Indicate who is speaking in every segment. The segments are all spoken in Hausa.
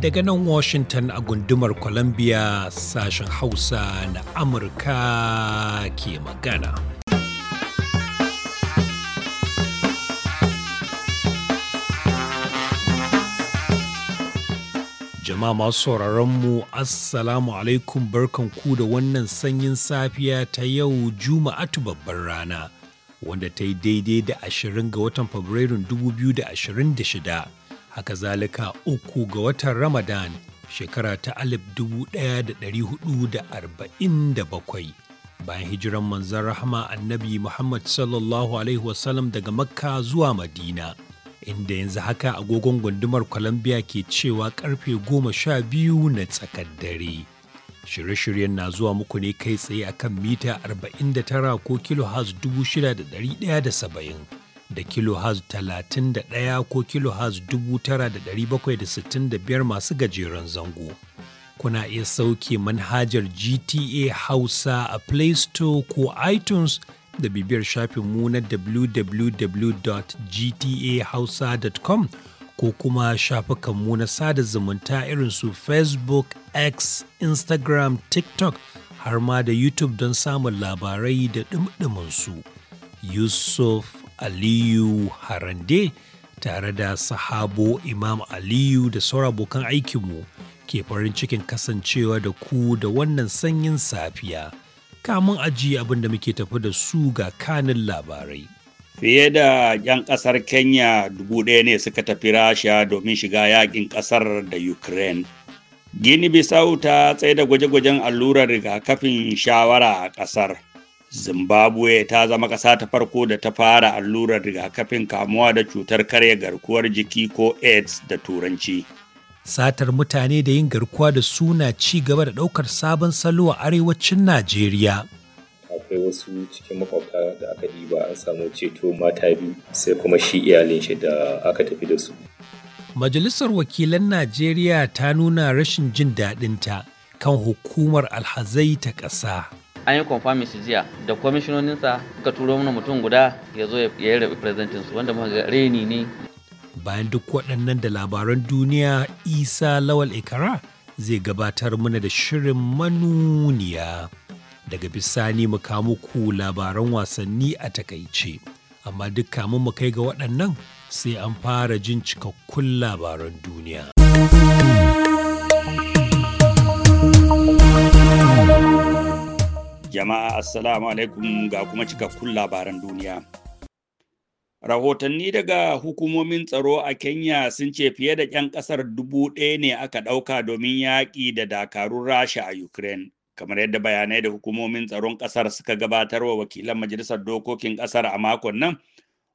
Speaker 1: Daga nan Washington a gundumar Columbia sashen Hausa na Amurka ke magana. Jama'a masu sauraron mu Assalamu alaikum barkan ku da wannan sanyin safiya ta yau Juma'atu babbar rana. wanda ta yi daidai da 20 ga watan Fabrairun 2026, haka zalika uku ga watan Ramadan shekara ta 1447 bayan hijiran manzan rahama annabi Muhammad sallallahu Alaihi wasallam daga Makka zuwa Madina. Inda yanzu haka agogon gundumar Columbia ke cewa karfe goma sha biyu na tsakar dare. Shirye-shiryen na zuwa muku ne kai tsaye a kan mita 49 ko kilohertz 6,170 da kilohertz 31 ko kilohertz 9,765 masu gajeren zango. Kuna iya sauke manhajar GTA Hausa a Play Store ko iTunes da bibiyar shafinmu na www.gtahausa.com ko kuma shafukanmu na sada zumunta irin su Facebook, X, Instagram, TikTok har ma da YouTube don samun labarai da ɗumɗuminsu. Yusuf Aliyu Harande tare da sahabo Imam Aliyu da sauran abokan aikinmu ke farin cikin kasancewa da ku da wannan sanyin safiya. Kamun ajiye abin da muke tafi da su ga kanin labarai.
Speaker 2: Fiye da 'yan ƙasar Kenya dubu ɗaya ne suka tafi Rasha domin shiga yakin ƙasar da Ukraine. Gini Bisau ta da gwaje-gwajen allurar rigakafin shawara a ƙasar. Zimbabwe ta zama ƙasa ta farko da ta fara allurar rigakafin kamuwa da cutar karya garkuwar jiki ko AIDS da Turanci.
Speaker 1: Satar mutane da yin garkuwa da suna ci gaba da ɗaukar sabon salo a arewacin Najeriya.
Speaker 3: Akwai wasu cikin makwabta da aka diba an samu ceto mata biyu sai kuma shi iyalin shi da aka tafi da su.
Speaker 1: Majalisar Wakilan Najeriya ta nuna rashin jin daɗinta kan hukumar alhazai ta ƙasa.
Speaker 4: An yi kwamfami shi jiya da kwamishinoninsa suka turo mana mutum guda ya zo ya yi representin su wanda muka
Speaker 1: reni ne. Bayan duk waɗannan da labaran duniya Isa Lawal Ikara zai gabatar mana da shirin manuniya. Daga bisani mu ku labaran wasanni a takaice. amma duk kamun mu kai ga waɗannan sai an fara jin cikakkun labaran
Speaker 2: duniya. Jama'a Assalamu alaikum ga kuma cikakkun labaran duniya. Rahotanni daga hukumomin tsaro a Kenya sun ce fiye da 'yan ƙasar dubu ɗaya ne aka ɗauka domin yaƙi da dakarun Rasha a Ukraine. kamar yadda bayanai da hukumomin tsaron kasar suka gabatar wa wakilan majalisar dokokin kasar a makon nan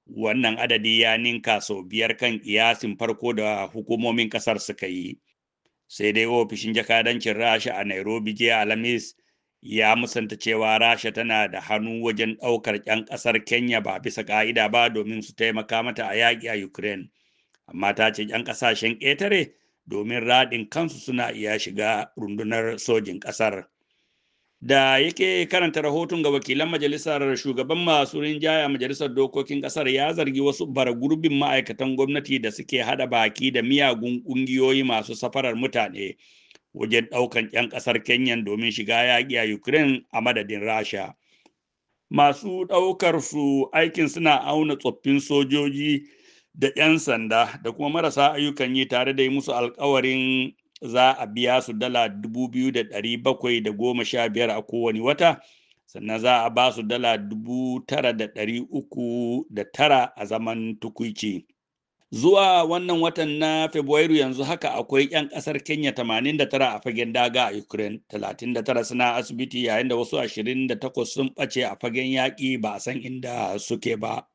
Speaker 2: wannan adadi ya ninka sau biyar kan iyasin farko da hukumomin kasar suka yi sai dai ofishin jakadancin rasha a nairobi jiya alhamis ya musanta cewa rasha tana da hannu wajen ɗaukar 'yan ƙasar kenya ba bisa ƙa'ida ba domin su taimaka mata a yaki a ukraine amma ta ce 'yan ƙasashen ƙetare domin raɗin kansu suna iya shiga rundunar sojin ƙasar da yake karanta rahoton ga wakilan majalisar shugaban masu rinjaya majalisar dokokin kasar ya zargi wasu gurbin ma'aikatan gwamnati da suke hada baki da miyagun kungiyoyi masu safarar mutane wajen daukan 'yan kasar kenya domin shiga yaƙi a ukraine a madadin rasha masu ɗaukar su aikin suna auna tsoffin sojoji da 'yan sanda da kuma marasa ayyukan yi tare da yi musu alkawarin za a biya su dala dubu biyu da ɗari bakwai da goma sha biyar a kowane wata sannan za a ba su dala dubu tara da ɗari uku da tara a zaman tukuici zuwa wannan watan na fabrairu yanzu haka akwai 'yan ƙasar kenya 89 a fagen daga a ukraine 39 suna asibiti yayin da wasu 28 sun ɓace a fagen yaƙi ba a san inda suke ba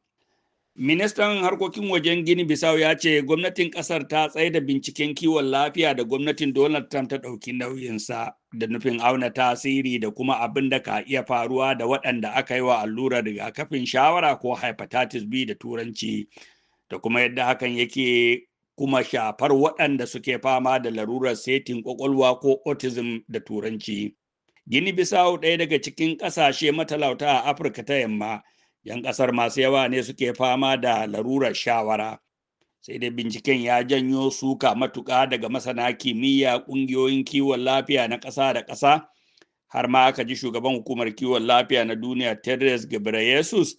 Speaker 2: Ministan harkokin wajen Gini Bisau ya ce gwamnatin kasar ta tsaye da binciken kiwon lafiya da gwamnatin Donald Trump ta ɗauki nauyinsa da nufin auna tasiri da kuma abin da ka iya faruwa da waɗanda aka yi wa allurar rigakafin shawara ko hepatitis B da turanci da kuma yadda hakan yake kuma shafar waɗanda suke fama da larurar setin ƙwaƙwalwa ko autism da turanci. Gini Bisau ɗaya daga cikin ƙasashe matalauta a Afirka ta yamma. 'yan ƙasar masu yawa ne suke fama da larurar shawara sai dai binciken ya janyo suka matuƙa daga masana kimiyya ƙungiyoyin kiwon lafiya na ƙasa da ƙasa har ma aka ji shugaban hukumar kiwon lafiya na duniya tedros ghebreyesus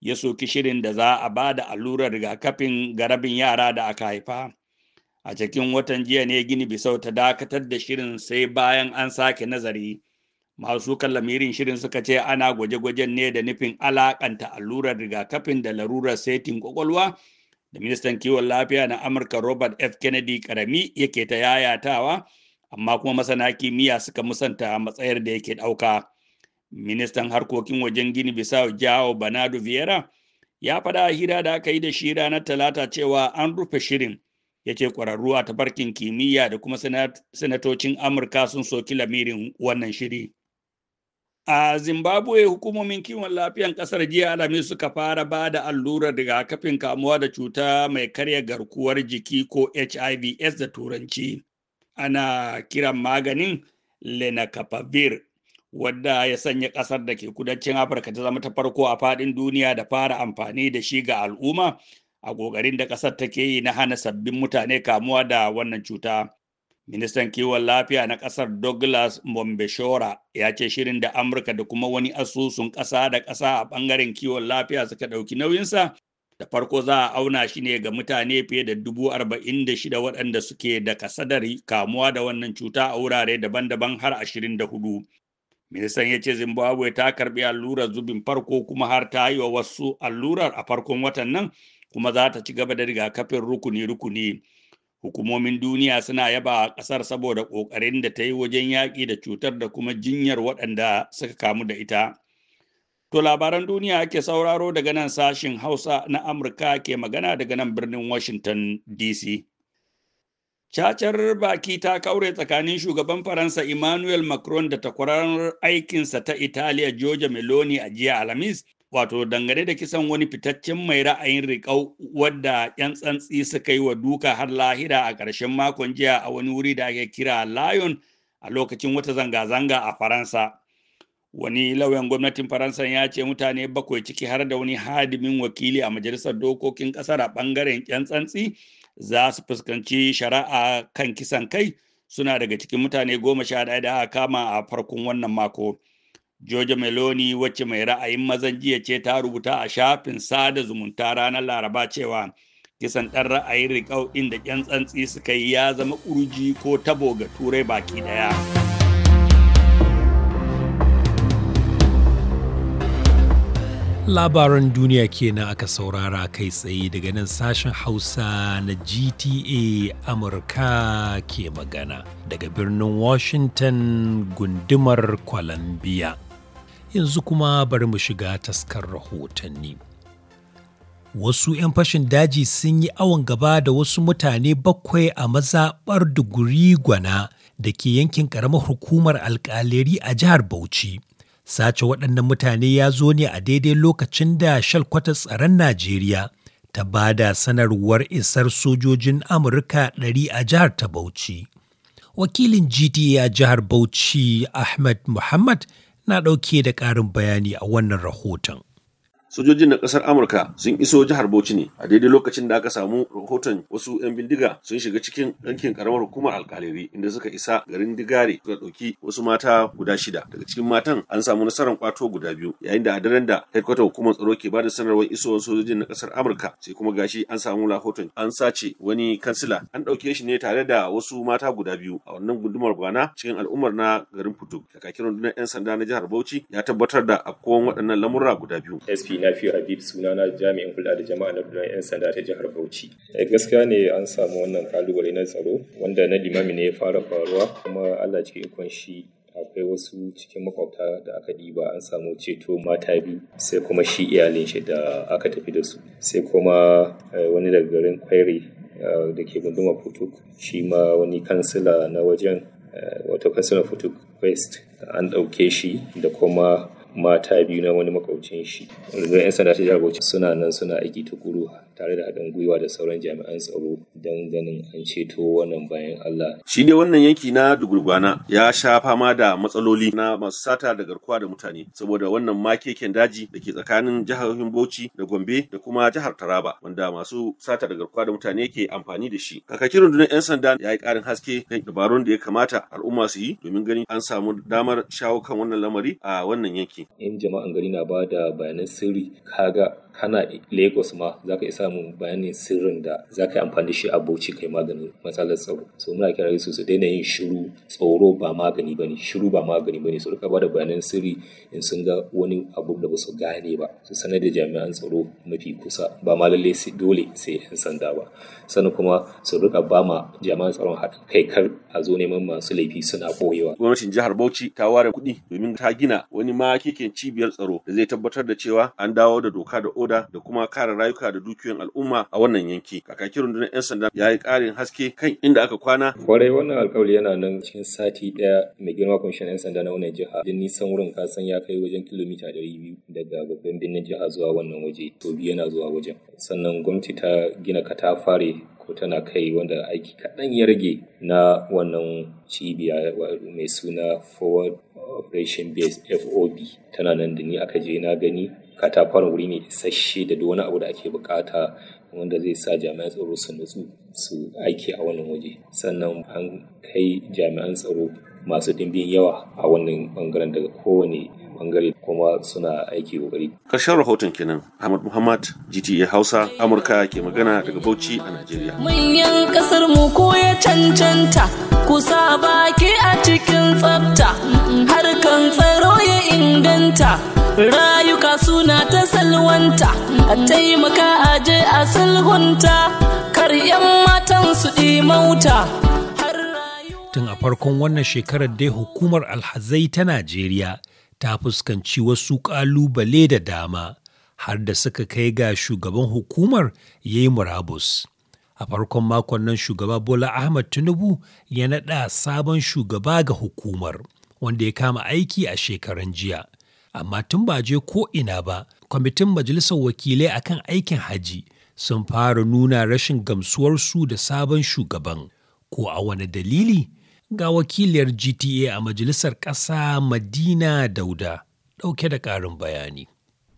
Speaker 2: ya soki shirin da za a ba da allurar rigakafin garabin yara da aka haifa a cikin watan jiya ne gini bisau ta dakatar da shirin sai bayan an sake nazari masu kallamirin shirin suka ce ana gwaje-gwajen ne da nufin alakanta allurar rigakafin da larurar setin kwakwalwa da ministan kiwon lafiya na amurka robert f kennedy karami yake ta yayatawa amma kuma masana kimiyya suka musanta matsayar da yake ɗauka ministan harkokin wajen gini bisa jawo banado vieira ya faɗa a hira da aka yi da shi ranar talata cewa an rufe shirin ya ce ƙwararru a tafarkin kimiyya da kuma sanatocin amurka sun soki lamirin wannan shiri A Zimbabwe hukumomin kiwon lafiyan kasar jiya alhamis suka fara ba da allurar rigakafin kamuwa da cuta mai karya garkuwar jiki ko s da turanci. Ana kiran maganin lenacapavir wadda ya sanya kasar da ke kudancin Afirka ta zama ta farko a faɗin duniya da fara amfani da shi ga al'umma a ƙoƙarin da ƙasar take yi na hana sabbin mutane kamuwa da wannan cuta. Ministan kiwon lafiya na ƙasar Douglas mombeshora ya ce shirin da Amurka da kuma wani asusun ƙasa da ƙasa a ɓangaren kiwon lafiya suka ɗauki nauyinsa da farko za a auna shi ne ga mutane fiye da dubu arba'in da shida waɗanda suke da kasadar kamuwa da wannan cuta a wurare daban-daban har ashirin da hudu. Ministan ya ce Zimbabwe ta karɓi allurar zubin farko kuma har ta yi wa wasu allurar a farkon watan nan kuma za ta ci gaba da rigakafin rukuni-rukuni. hukumomin duniya suna yaba a ƙasar saboda ƙoƙarin da ta yi wajen yaƙi da cutar da kuma jinyar waɗanda suka kamu da ita. To labaran duniya ake sauraro daga nan sashin Hausa na Amurka ke magana daga nan birnin Washington DC. Cacar baki ta kaure tsakanin shugaban Faransa Emmanuel Macron da takwarar aikinsa ta Italiya Giorgia Meloni a jiya Alhamis wato dangane da kisan wani fitaccen mai ra'ayin riƙau wadda 'yan tsantsi suka yi wa duka har lahira a ƙarshen makon jiya a wani wuri da ake kira 'lion' a lokacin wata zanga-zanga a Faransa. Wani lauyan gwamnatin Faransa ya ce mutane bakwai ciki har da wani hadimin wakili a majalisar dokokin ƙasar a ɓangaren 'yan tsantsi za su fuskanci shari'a kan kisan kai suna daga cikin mutane goma sha ɗaya da aka kama a farkon wannan mako. George Meloni wacce mai ra'ayin mazan jiya ce ta rubuta a shafin sada zumunta ranar Laraba cewa kisan ɗan ra'ayin riƙau inda ƙyan tsantsi suka yi ya zama ƙurji ko tabo ga turai baki ɗaya.
Speaker 1: Labaran duniya kenan aka saurara kai tsaye daga nan sashen Hausa na GTA Amurka ke magana daga birnin Washington gundumar Columbia. yanzu kuma bari mu shiga taskar rahotanni. Wasu 'yan fashin daji sun yi awon gaba da wasu mutane bakwai a mazaɓar duguri gwana da ke yankin ƙaramar hukumar alƙaleri a jihar Bauchi. Sace waɗannan mutane ya zo ne a daidai lokacin da shalkwata tsaron Najeriya ta ba da sanarwar isar sojojin Amurka ɗari a jihar ta Bauchi. Wakilin GTA jihar Bauchi Ahmed Muhammad na ɗauke da ƙarin bayani a wannan rahoton.
Speaker 5: sojojin na kasar amurka sun iso jihar bauchi ne a daidai lokacin da aka samu rahoton wasu 'yan bindiga sun shiga cikin yankin karamar hukumar alkaliri inda suka isa garin digare suka dauki wasu mata guda shida daga cikin matan an samu nasarar kwato guda biyu yayin da a daren da headquarter hukumar tsaro ke bada sanarwar isowar sojojin na kasar amurka sai kuma gashi an samu rahoton an sace wani kansila an ɗauke shi ne tare da wasu mata guda biyu a wannan gundumar bana cikin al'ummar na garin putu kakakin rundunar 'yan sanda na jihar bauchi ya tabbatar da afkuwan waɗannan lamurra guda biyu na Habib habib sunana
Speaker 3: jami'in kula da jama'a na rundunar 'yan sanda ta jihar bauchi eh, gaskiya ne an samu wannan kalubale na tsaro wanda na limami ne ya fara faruwa kuma allah cikin ikon shi akwai wasu cikin makwabta da aka diba an samu ceto mata biyu sai kuma shi iyalin shi da aka tafi da su sai kuma eh, wani daga garin kwairi eh, da ke gunduma futuk shi ma wani kansila na wajen wato kansila futuk west an ɗauke shi da kuma mata biyu na wani makwabcin shi rundunar 'yan sanda ta jagoci suna nan suna aiki ta tukuru tare da haɗin gwiwa da sauran jami'an tsaro don ganin an ceto wannan
Speaker 5: bayan allah shi ne wannan yanki na dugurgwana ya sha fama da matsaloli na masu sata da garkuwa da mutane saboda wannan makeken daji da ke tsakanin jihohin bauchi da gombe da kuma jihar taraba wanda masu sata da garkuwa da mutane ke amfani da shi kakakin rundunar 'yan sanda ya yi ƙarin haske kan dabarun da ya kamata al'umma su yi domin ganin an samu damar shawo kan wannan lamari a wannan yanki ciki in
Speaker 3: jama'an gari na ba da bayanan sirri kaga kana lagos ma za ka isa bayanin sirrin da za ka yi amfani shi a bauchi kai maganin matsalar tsaro so muna kira su su daina yin shiru tsoro ba magani bane shiru ba magani bane su rika ba da bayanan sirri in sun ga wani abu da ba su gane ba su sanar da jami'an tsaro mafi kusa ba ma lalle dole sai yan sanda ba sannan kuma su rika ba ma jami'an tsaron haɗin kai kar a zo neman masu laifi suna koyewa
Speaker 5: gwamnatin jihar bauchi ta ware kuɗi domin ta gina wani maki hakikin cibiyar tsaro da zai tabbatar da cewa an dawo da doka da oda da kuma kare rayuka da dukiyoyin al'umma a wannan yanki kakakin rundunar 'yan sanda ya yi karin haske kan inda aka kwana kwarai wannan alkawari yana nan cikin sati ɗaya mai girma kwamishin 'yan sanda na wannan jiha din nisan
Speaker 3: wurin kasan ya kai wajen kilomita ɗari biyu daga babban birnin jiha zuwa wannan waje to biyu yana zuwa wajen sannan gwamnati ta gina katafare ko tana kai wanda aiki kaɗan ya rage na wannan cibiya mai suna forward operation base fob tana nan da ni aka je na gani katafaren wuri ne isasshe da wani abu da ake bukata wanda zai sa jami'an tsaro su nutsu su aiki a wannan waje sannan an kai jami'an tsaro masu dimbin yawa a wannan bangaren daga
Speaker 5: kowane bangare kuma suna aiki kokari. Karshen rahoton kenan Ahmad Muhammad GTA Hausa Amurka ke magana daga Bauchi a Najeriya.
Speaker 4: Manyan kasar mu ko ya cancanta kusa baki a cikin tsafta harkan tsaro ya inganta rayuka suna ta salwanta a taimaka
Speaker 6: aje a sulhunta kar 'yan matan su mauta.
Speaker 1: tun a farkon wannan shekarar dai hukumar alhazai ta najeriya ta fuskanci wasu ƙalubale da dama har da suka kai ga shugaban hukumar yayi murabus a farkon makon nan shugaba bola ahmad tinubu ya naɗa sabon shugaba ga hukumar wanda ya kama aiki a shekaran jiya amma tun ba je ko ina ba kwamitin majalisar wakilai akan aikin haji sun fara nuna rashin gamsuwarsu da sabon shugaban ko a wani dalili ga wakiliyar gta a majalisar ƙasa madina dauda ɗauke da ƙarin bayani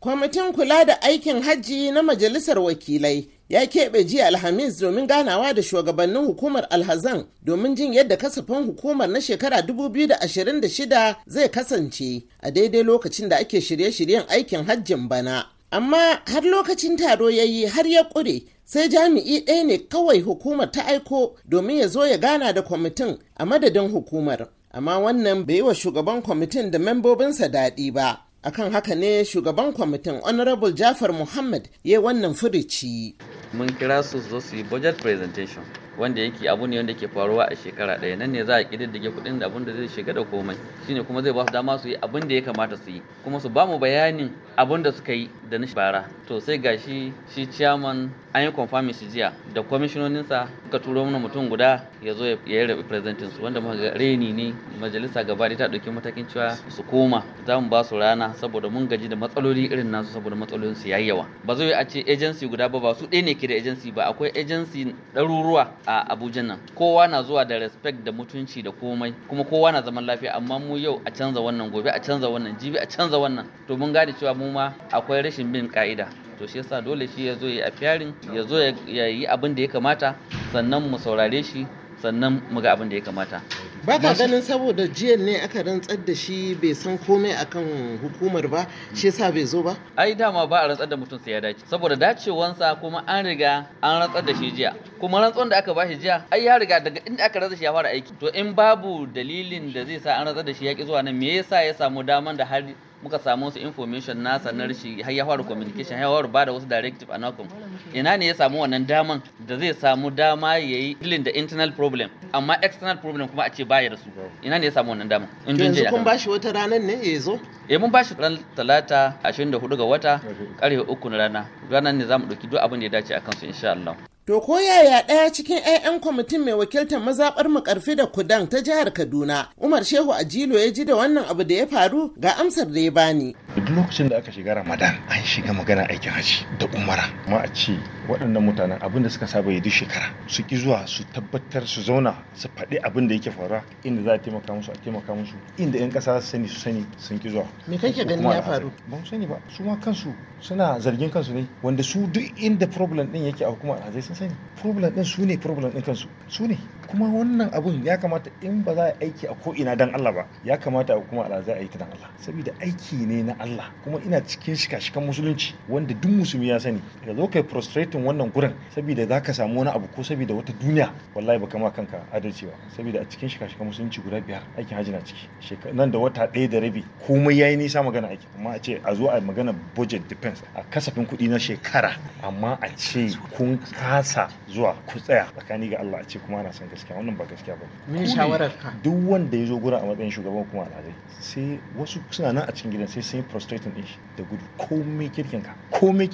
Speaker 6: kwamitin kula da aikin haji na majalisar wakilai ya keɓe jiya alhamis domin ganawa da shugabannin hukumar alhazan domin jin yadda kasafin hukumar na shekara 2026 zai kasance a daidai lokacin da ake shirye-shiryen aikin hajjin bana amma har lokacin taro ya yi har ya ƙure sai jami'i ɗaya ne kawai hukumar ta aiko domin ya zo ya gana da kwamitin a madadin hukumar amma wannan bai yi wa shugaban kwamitin da membobinsa daɗi ba akan haka ne shugaban kwamitin honorable jafar muhammad ya wannan furici
Speaker 4: mun kira su zo su yi budget presentation wanda yake abu ne wanda ke faruwa a shekara ɗaya nan ne za a ƙididdige kuɗin da abin zai shiga da komai shine kuma zai ba su dama su yi abin da ya kamata su yi kuma su ba mu bayanin abin da suka yi da na bara to sai gashi shi chairman an yi confirming shi jiya da kwamishinoninsa suka turo mana mutum guda ya zo ya yi representin su wanda muka reni ne majalisa gaba ta ɗauki matakin cewa su koma za mu ba su rana saboda mun gaji da matsaloli irin nasu saboda matsalolin su yayi yawa ba zai a ce agency guda ba ba su ɗaya ne ke da agency ba akwai agency ɗaruruwa a abuja nan kowa na zuwa da respect da mutunci da komai kuma kowa na zaman lafiya amma mu yau a canza wannan gobe a canza wannan jibi a canza wannan to mun gane cewa mu ma akwai rashin bin ka'ida to shi yasa dole shi ya zo ya yi a ya zo ya yi abin da ya kamata sannan mu saurare shi sannan mu ga abin da ya kamata
Speaker 6: ba ka ganin saboda jiya ne aka rantsar da shi bai san komai akan hukumar ba shi yasa bai zo ba
Speaker 4: ai dama ba a rantsar da mutum sai ya dace saboda dacewansa kuma an riga an rantsar da shi jiya kuma rantsar da aka bashi jiya ai ya riga daga inda aka rantsar shi ya fara aiki to in babu dalilin da zai sa an rantsar da shi ya ki zuwa nan me yasa ya samu daman da har muka samu wasu information nasa na rashi har ya fara communication har ya fara bada wasu directive a nakon ina ne ya samu wannan daman da zai samu dama ya yi dealing da internal problem amma external problem kuma a ce baya da su ina ne ya samu wannan daman in jin yanzu kun bashi
Speaker 6: wata ranar ne ya eh,
Speaker 4: zo eh mun bashi ran talata 24 ga wata karfe 3 na rana ranar ne zamu dauki duk abin da ya dace akan su insha Allah
Speaker 6: To ko yaya ɗaya cikin 'ya'yan kwamitin mai wakiltar mazaɓar makarfi da kudan ta jihar Kaduna, Umar Shehu Ajilo ya ji da wannan abu da ya faru ga amsar da ya bani.
Speaker 7: Duk lokacin da aka shiga Ramadan an shiga magana aikin haji da umara. Ma a ce waɗannan mutanen abin da suka saba yi duk shekara su ki zuwa su tabbatar su zauna su faɗi abin da yake faruwa inda za a taimaka musu a taimaka musu inda 'yan ƙasa su sani su sani sun ki zuwa me kake ganin ya faru ba mu sani ba su ma kansu suna zargin kansu ne wanda su duk inda problem din yake a hukumar alhazai sun sani problem din su ne problem din kansu su ne kuma wannan abun ya kamata in ba za a aiki a ko'ina dan Allah ba ya kamata a hukumar alhazai a yi ta dan Allah saboda aiki ne na Allah kuma ina cikin shika-shikan musulunci wanda duk musulmi ya sani ka zo kai prostrate selectin wannan gurin saboda za ka samu wani abu ko saboda wata duniya wallahi ba kama kanka adalci saboda a cikin shika-shika musulunci guda biyar aikin hajji na ciki nan da wata ɗaya da rabi komai yi nisa magana aiki amma a ce a zo a magana budget defense a kasafin kuɗi na shekara amma a ce kun kasa zuwa ku tsaya tsakani ga Allah a ce kuma ana son gaskiya wannan ba gaskiya ba duk wanda ya zo gurin a matsayin shugaban kuma alhazai sai wasu suna nan a cikin gidan sai sun yi prostrating din shi da gudu komai kirkinka ka komai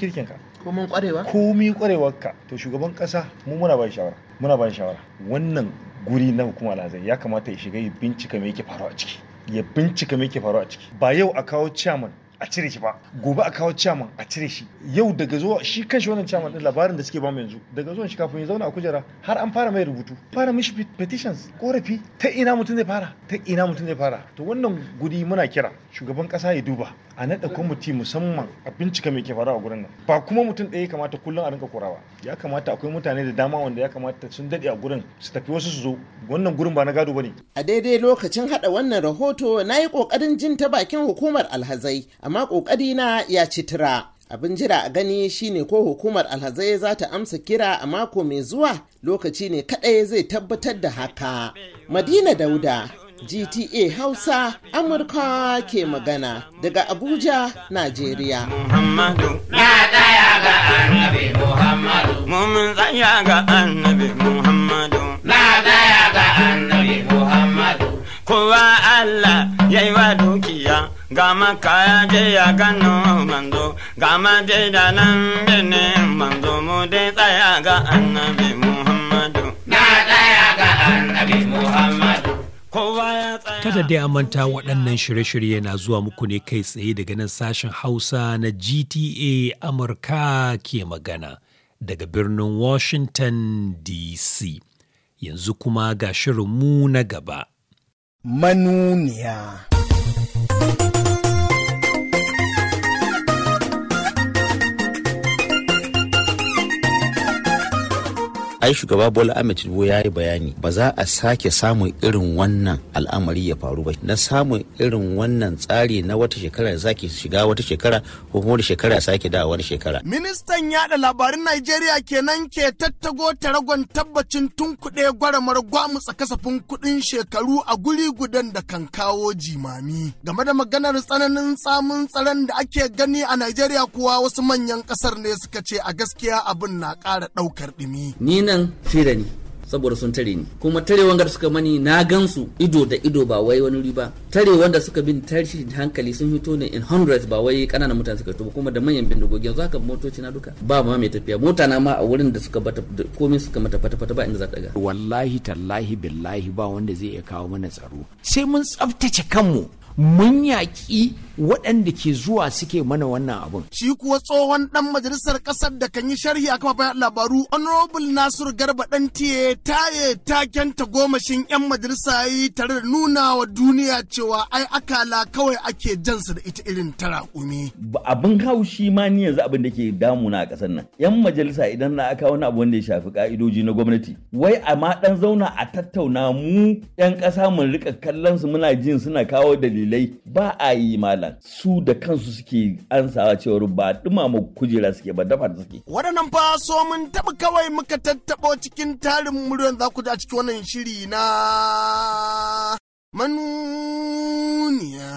Speaker 7: komin kwarewa komi kwarewarka to shugaban kasa mu muna ba shawara muna ba shawara wannan guri na hukuma lazai ya kamata ya shiga ya bincika me yake faru a ciki ya bincika me yake faru a ciki ba yau a kawo chairman a cire shi ba gobe a kawo chairman a cire shi yau daga zuwa shi kanshi wannan chairman din labarin da suke bamu yanzu daga zuwan shi kafin ya zauna a kujera har an fara mai rubutu fara mishi petitions korafi ta ina mutum zai fara ta ina mutum zai fara to wannan gudi muna kira shugaban kasa ya duba a naɗa kwamiti musamman a bincika mai ke faruwa a gurin nan ba kuma mutum ɗaya ya kamata kullum a rinka korawa ya kamata akwai mutane da dama wanda ya kamata sun daɗe a gurin su tafi wasu su zo wannan gurin ba na gado bane a daidai lokacin hada wannan rahoto na yi kokarin jin ta bakin
Speaker 6: hukumar alhazai amma ƙoƙarina ya ci tura. abin jira a gani shine ko hukumar alhazai za ta amsa kira a mako mai zuwa lokaci ne kaɗai zai tabbatar da haka madina dauda gta hausa amurka ke magana daga abuja najeriya. kowa allah ya yi wa dukiya gama kaya je ya gano manzo gama je da nan bene manzo mu de tsaya ga annabi muhammadu na tsaya ga
Speaker 8: annabi muhammadu
Speaker 1: Kada dai manta waɗannan shirye-shirye na zuwa muku ne kai tsaye daga nan sashen Hausa na GTA Amurka ke magana daga birnin Washington DC. Yanzu kuma ga shirinmu na gaba.
Speaker 9: Manuniya.
Speaker 8: ai shugaba bola ahmed ya yi bayani ba za a sake samun irin wannan al'amari ya faru ba na samun irin wannan tsari na wata shekara da zaki shiga wata shekara ko kuma shekara ya sake da wani shekara
Speaker 9: ministan yaɗa labarin najeriya kenan ke tattago taragon tabbacin tunkuɗe gwaramar gwamutsa kasafin kuɗin shekaru a guri gudan da kan kawo jimami game da maganar tsananin samun tsaron da ake gani a najeriya kuwa wasu manyan ƙasar ne suka ce a gaskiya abin na ƙara ɗaukar ɗimi
Speaker 4: ni nan fira ni saboda sun tare ni kuma tare wanda suka mani na gansu ido da ido ba wai wani riba tare wanda suka bin tashi hankali sun hito ne in hundreds ba wai kananan mutane suka ba kuma da manyan bindigogi yanzu haka motoci na duka ba ma mai tafiya mota na ma a wurin da suka bata komai suka mata fata fata ba inda za ka ga wallahi tallahi
Speaker 10: billahi ba wanda zai iya kawo mana tsaro sai mun tsaftace kanmu mun yaki. waɗanda ke zuwa suke mana wannan abun.
Speaker 9: Shi kuwa tsohon ɗan majalisar ƙasar da kan yi sharhi a kafafen labaru Honorable Nasiru Garba ɗan tiye taye taken tagomashin 'yan majalisa yi tare da nuna wa duniya cewa ai akala kawai ake jansa da ita irin tara
Speaker 11: umi. Abin haushi ma ni yanzu abin da ke damuna a ƙasar nan. 'Yan majalisa idan na aka wani abu wanda ya shafi ka'idoji na gwamnati. Wai a ma ɗan zauna a tattauna mu 'yan ƙasa mun riƙa kallon su muna jin suna kawo dalilai ba a yi malam. nan su da kansu suke ansawa cewar ba dumama kujera suke ba dafa da suke
Speaker 9: waɗannan fa so mun taɓa kawai muka tattaɓo cikin tarin muryan za ku ji a cikin wannan shiri na manuniya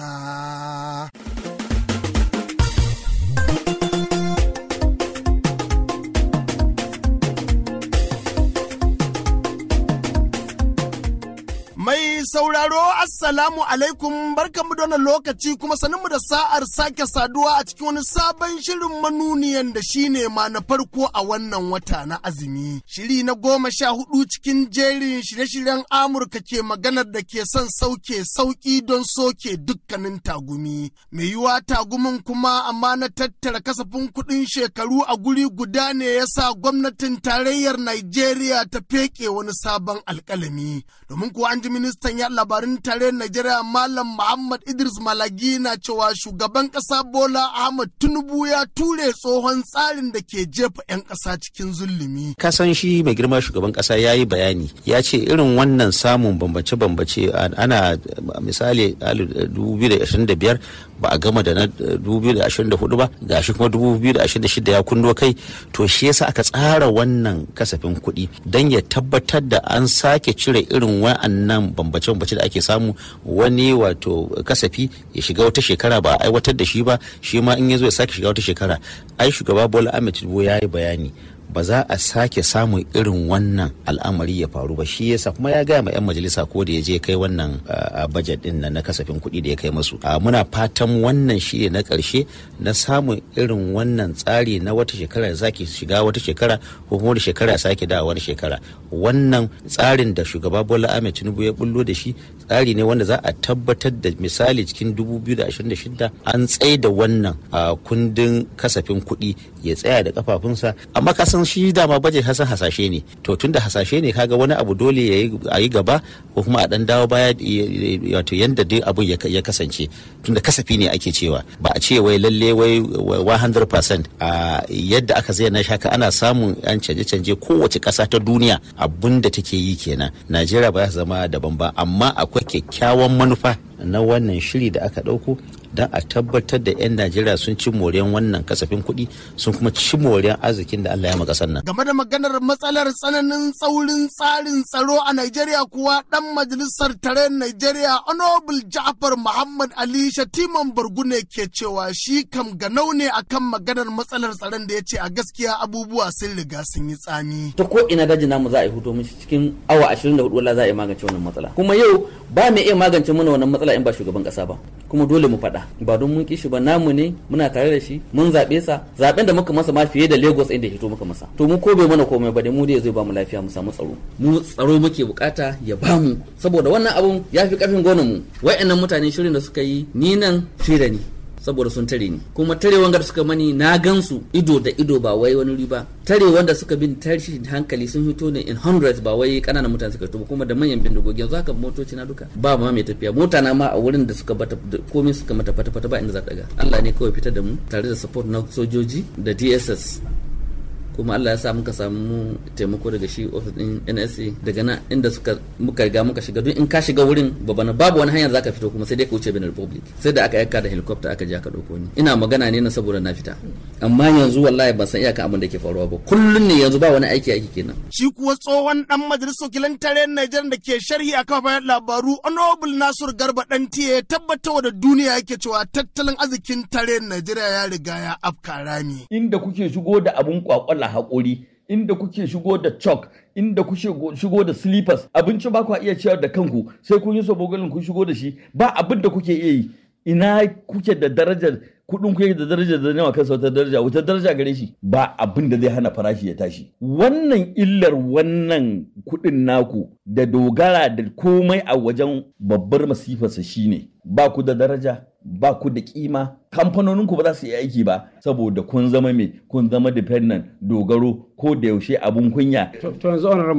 Speaker 9: mai sauraro assalamu alaikum barkanmu da wannan lokaci kuma mu da sa'ar sake saduwa a cikin wani sabon shirin manuniyan da shine ma na farko a wannan wata na azumi. Shiri na goma sha hudu cikin jerin shirye-shiryen Amurka ke maganar da ke son sauke sauki don soke dukkanin tagumi. Mai yiwuwa tagumin kuma amma na tattara kasafin kuɗin shekaru a guri guda ne yasa gwamnatin tarayyar Najeriya ta feke wani sabon alkalami Domin kuwa an ji ministan ministan yan labarin tare Najeriya Malam Muhammad Idris Malagi na cewa shugaban ƙasa Bola Ahmad Tinubu ya ture tsohon tsarin da ke jefa 'yan ƙasa cikin zulumi.
Speaker 8: Kasan shi mai girma shugaban ƙasa ya yi bayani ya ce irin wannan samun bambace-bambace ana misali 2025 ba a gama da na 2024 ba ga shi kuma 2026 ya kundo kai to shi yasa aka tsara wannan kasafin kuɗi don ya tabbatar da an sake cire irin wa'annan bambace-bambace da ake samu wani wato kasafi ya shiga wata shekara ba a aiwatar da shi ba shi ma in ya zo ya sake shiga wata shekara ai shugaba bola ahmed tinubu ya yi bayani ba za a sake samun irin wannan al'amari ya faru ba shi yasa kuma ya gaya ma 'yan majalisa ko da ya je kai wannan bajet din na kasafin kuɗi da ya kai masu muna fatan wannan shi na ƙarshe na samun irin wannan tsari na wata shekara da zaki shiga wata shekara ko kuma wata shekara sake da wani shekara wannan tsarin da shugaba bola ahmed tinubu ya bullo da shi tsari ne wanda za a tabbatar da misali cikin 2026 an tsaida da wannan kundin kasafin kuɗi ya tsaya da kafafunsa amma kasan san shi dama baje hasan hasashe ne to tunda hasashe ne kaga wani abu dole a yi gaba ko kuma a dan dawo baya wato yanda dai abun ya kasance tunda kasafi ne ake cewa ba a ce wai lalle wai 100% a yadda aka zayyana shaka ana samun an canje-canje kowace kasa ta duniya abun da take yi kenan najeriya ba za zama daban ba amma akwai kyakkyawan manufa na wannan shiri da aka ɗauko don a tabbatar da 'yan najeriya sun ci moriyan wannan kasafin kuɗi sun kuma ci moriyan arzikin da allah ya ma sannan.
Speaker 9: nan game da maganar matsalar tsananin tsaurin tsarin tsaro a najeriya kuwa dan majalisar tare najeriya honorable ja'far muhammad ali shatiman bargune ke cewa shi kam ga ne akan maganar matsalar tsaron da ya ce a gaskiya abubuwa sun riga sun yi tsami
Speaker 4: ta ko ina daji namu za a yi hutu cikin awa 24 wala za a yi magance wannan matsala kuma yau ba mai iya magance mana wannan matsala in ba shugaban kasa ba kuma dole mu faɗa ba don mun kishi ba namu ne muna tare da shi mun zaɓe sa zaɓen da muka masa ma fiye da Lagos inda hito muka masa to mu ko bai mana komai ba dai mu dai zai bamu lafiya mu samu tsaro mu tsaro muke bukata ya bamu saboda wannan abun ya fi karfin gonan mu wa'annan mutane shirin da suka yi ni nan fi da saboda sun tare ni kuma tare da suka mani na gansu ido da ido ba wai wani riba tare wanda suka bin tashi hankali sun fito ne in hundreds ba wai kananan mutane suka ba kuma da manyan bindigogi yanzu haka motoci na duka ba ma mai tafiya mota na ma a wurin da suka bata komai suka mata fata fata ba inda za ta daga Allah ne kawai fitar da mu tare da support na sojoji da DSS kuma Allah ya sa muka samu taimako daga shi ofis din NSA daga nan inda suka muka riga muka shiga duk in ka shiga wurin babana babu wani hanyar zaka fito kuma sai dai ka wuce Benin Republic sai da aka aika da helicopter aka je aka dauko ni ina magana ne na saboda na fita amma yanzu wallahi ban san iyakan abin da ke faruwa ba kullun ne yanzu ba wani aiki aiki kenan
Speaker 9: shi kuwa tsohon dan majalisar wakilan tare Nijar da ke sharhi akan kafafen labaru honorable Nasir Garba dan tiye tabbatar da duniya yake cewa tattalin arzikin tare Najeriya ya riga ya afka rami inda
Speaker 11: kuke shigo da abun kwakwala hakuri inda kuke shigo da chalk inda kuke shigo da slippers abinci ba ku iya ciyar da kanku sai kun yi sobogalin ku shigo da shi ba abin da kuke iya yi ina kuke da darajar kuɗin ku da daraja da nawa kansa wata daraja wata daraja gare shi ba abin da zai hana farashi ya tashi wannan illar wannan kuɗin naku da dogara da komai a wajen babbar masifarsa shine ba ku da daraja ba ku da kima kamfanoninku ba za su yi aiki ba saboda kun zama mai kun zama dependent dogaro ko da yaushe abun kunya. To yanzu onarar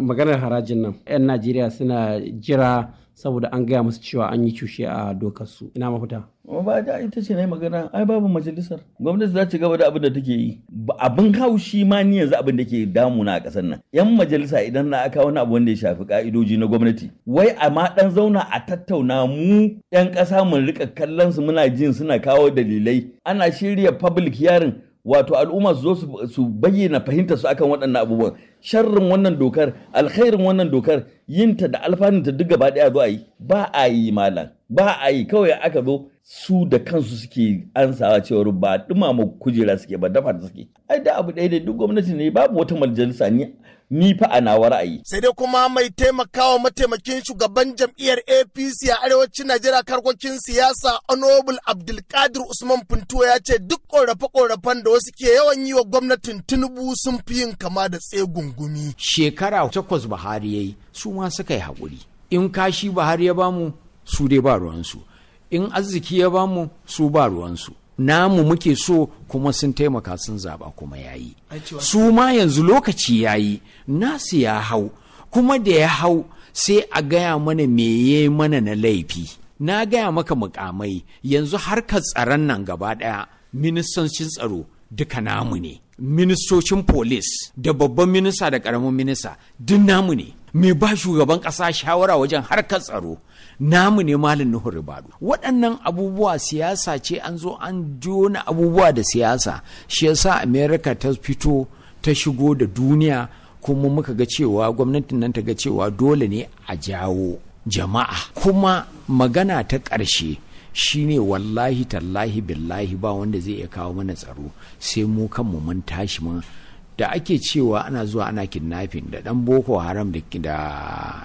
Speaker 11: maganar harajin nan 'yan Najeriya suna jira saboda an gaya musu cewa an yi cushe a dokar su ina mafita. Oh, ba da ita ce na magana ai babu majalisar gwamnati za ci gaba da abin da take yi abin haushi ma ni yanzu abin da ke damuna a kasar nan yan majalisa idan na aka wani abu wanda ya shafi ka'idoji na gwamnati wai a ma dan zauna a tattauna mu yan ƙasa mun rika kallon su muna jin suna kawo dalilai ana shirya public hearing wato al'umma su zo su bayyana fahimtar su akan waɗannan abubuwan sharrin wannan dokar alkhairin wannan dokar yinta da ta duk gaba ɗaya zo a yi ba a yi malam ba a yi kawai aka zo su da kansu suke ansawa cewar ba dumama kujera suke ba dafa suke ai da abu ɗaya da duk gwamnati ne babu wata majalisa ni ni fa a nawa ra'ayi.
Speaker 9: Sai dai kuma mai taimakawa mataimakin shugaban jam'iyyar APC a arewacin Najeriya karkokin siyasa Honorable Abdulkadir Usman Funtuwa ya ce duk korafe-korafen da wasu ke yawan yi wa gwamnatin Tinubu sun fi yin
Speaker 10: kama da tsegungumi. Shekara takwas Buhari ya yi su ma suka yi haƙuri. In kashi Buhari ya bamu su dai ba ruwansu. In arziki ya bamu su ba ruwansu. namu muke so kuma sun taimaka sun zaba kuma yayi su ma yanzu lokaci yayi nasu ya hau kuma da ya hau sai a gaya mana meye mana na laifi na gaya maka mukamai yanzu harkar tsaron nan gaba daya ministancin tsaro duka namu ne ministocin polis da babban minista da karamin minista duk namu ne Me ba shugaban ƙasa shawara wajen harkar tsaro namu ne malin nuhu ribaru waɗannan abubuwa siyasa ce an zo an jona abubuwa da siyasa shi yasa america ta fito ta shigo da duniya kuma muka ga cewa gwamnatin nan ta ga cewa dole ne a jawo jama'a kuma magana ta ƙarshe shine wallahi tallahi billahi ba wanda zai iya kawo mana tsaro sai mu kanmu mun tashi mun da ake cewa ana zuwa ana kidnapping da dan boko haram da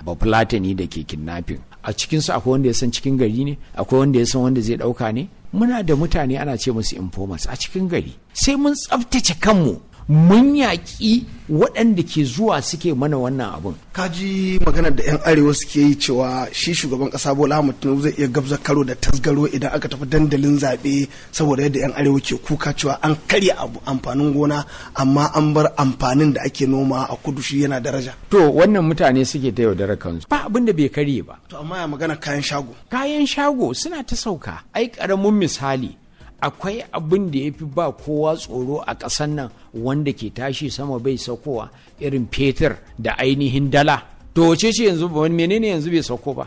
Speaker 10: bafulatani da ke kidnapping a cikinsu akwai wanda ya san cikin gari ne akwai wanda ya san wanda zai ɗauka ne muna da mutane ana ce musu informers. a cikin gari sai mun tsaftace kanmu mun yaƙi waɗanda ke zuwa suke mana wannan abin. kaji magana da 'yan arewa
Speaker 9: suke yi cewa shi shugaban ƙasa bola ahmad tinubu zai iya gabza karo da tasgaro idan aka tafi dandalin zaɓe saboda yadda 'yan arewa ke kuka cewa an karya abu amfanin gona amma an
Speaker 10: bar amfanin da
Speaker 9: ake noma a kudu shi yana daraja
Speaker 10: to wannan mutane suke ta yaudara kansu ba abin da bai karye ba to amma ya magana kayan shago kayan shago suna ta sauka ai ƙaramin misali akwai abin da ya fi ba kowa tsoro a ƙasan nan wanda ke tashi sama bai saukowa irin fetur da ainihin dala to wace ce yanzu ba menene yanzu bai sauko ba.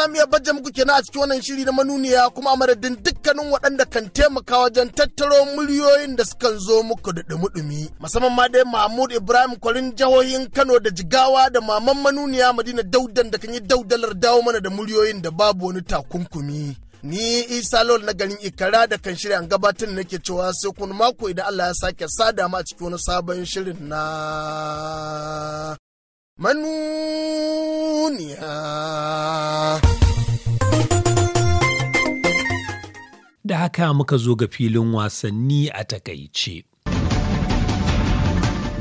Speaker 9: za mu iya kenan a cikin wannan shiri na manuniya kuma a madadin dukkanin waɗanda kan taimaka wajen tattaro muryoyin da sukan zo muku da dumi-dumi. Musamman ma dai Mahmud Ibrahim Kwarin jihohin Kano da Jigawa da Maman Manuniya Madina Daudan da kan yi daudalar dawo mana da muryoyin da babu wani takunkumi. ni isa lol na garin ikara da kan shirya gabatar nake cewa sai kun mako idan allah ya sake sada ma a cikin wani sabon shirin na manuniya.
Speaker 1: Da haka muka zo ga filin wasanni a takaice.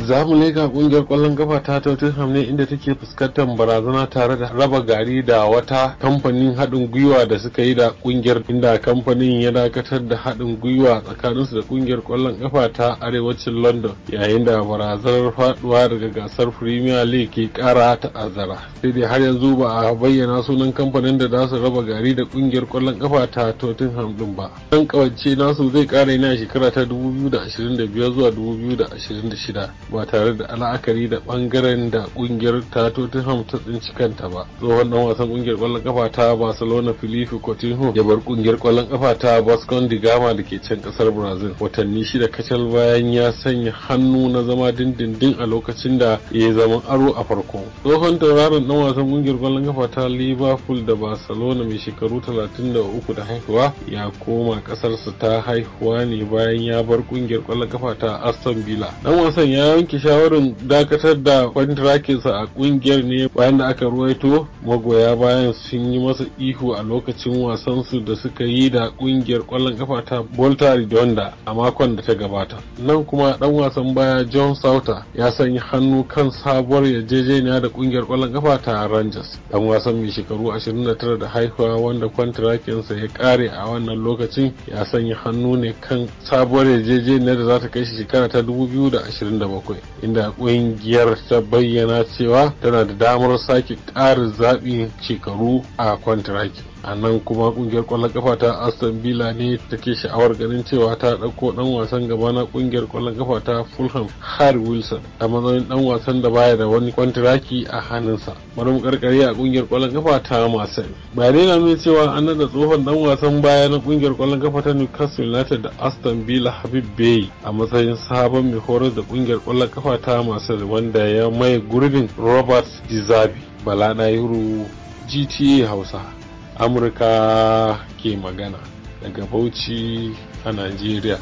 Speaker 12: za mu leka kungiyar kwallon kafa ta Tottenham ne inda take fuskantar barazana tare da raba gari da wata kamfanin haɗin gwiwa da suka yi da kungiyar inda kamfanin ya dakatar da haɗin gwiwa tsakaninsu da kungiyar kwallon kafa ta arewacin London yayin da barazanar faduwa daga gasar Premier League ke kara ta'azzara. Sai dai har yanzu ba a bayyana sunan kamfanin da za su raba gari da kungiyar kwallon kafa ta Tottenham din ba. Dan kawance nasu zai kare ne a shekara ta 2025 zuwa 2026. ba tare da la'akari da bangaren da kungiyar ta Tottenham ta tsinci kanta ba. Tsohon dan wasan kungiyar kwallon kafa ta Barcelona Filipe Coutinho ya bar kungiyar kwallon kafa ta Bascon da Gama da ke can kasar Brazil watanni shida kacal bayan ya sanya hannu na zama dindindin a lokacin da ya zama aro a farko. Tsohon tauraron dan wasan kungiyar kwallon kafa ta Liverpool da Barcelona mai shekaru 33 da haihuwa ya koma kasarsa ta haihuwa ne bayan ya bar kungiyar kwallon kafa ta Aston Villa. Dan wasan ya yanke shawarar dakatar da kwantirakinsa a kungiyar ne bayan da aka ruwaito magoya bayan sun yi masa ihu a lokacin wasansu da suka yi da kungiyar kwallon kafa ta Volta Redonda a makon da ta gabata. Nan kuma dan wasan baya John sauta ya sanya hannu kan sabuwar yarjejeniya da kungiyar kwallon kafa ta Rangers. Dan wasan mai shekaru 29 da haihuwa wanda kwantirakinsa ya kare a wannan lokacin ya sanya hannu ne kan sabuwar yarjejeniyar da za ta kai shi shekara ta 2027. inda ƙungiyar ta bayyana cewa tana da damar sake ƙara zaɓin shekaru a kwantarakin. a nan kuma kungiyar kwallon kafa ta aston villa ne take sha'awar ganin cewa ta ɗauko ɗan wasan gaba na kungiyar kwallon kafa ta fulham harry wilson a matsayin ɗan wasan da baya da wani kwantiraki a hannunsa bari mu karkare a kungiyar kwallon kafa ta marseille bayanai na nuna cewa an nada tsohon ɗan wasan baya na kungiyar kwallon kafa ta newcastle united da aston villa habib bey a matsayin sabon mai horar da kungiyar kwallon kafa ta marseille wanda ya mai gurbin robert dizabi bala na yuru gta hausa amurka ke magana daga bauchi a najeriya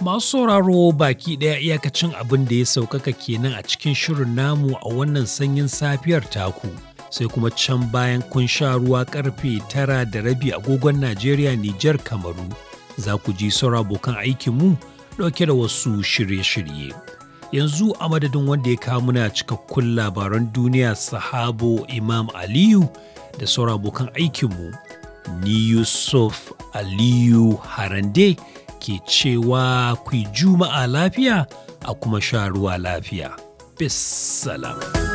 Speaker 1: Masu sauraro baki ɗaya iyakacin abin da ya saukaka kenan a cikin shirin namu a wannan sanyin safiyar taku. Sai kuma can bayan kun sha ruwa karfe tara da rabi agogon Najeriya Nijar Kamaru za ku ji sauraro abokan aikinmu ɗauke da wasu shirye-shirye. yanzu a madadin wanda ya kawo muna cikakkun labaran duniya sahabo imam aliyu da sauran abokan aikinmu ni yusuf aliyu harande ke cewa ku
Speaker 3: juma'a lafiya a kuma sha ruwa lafiya bis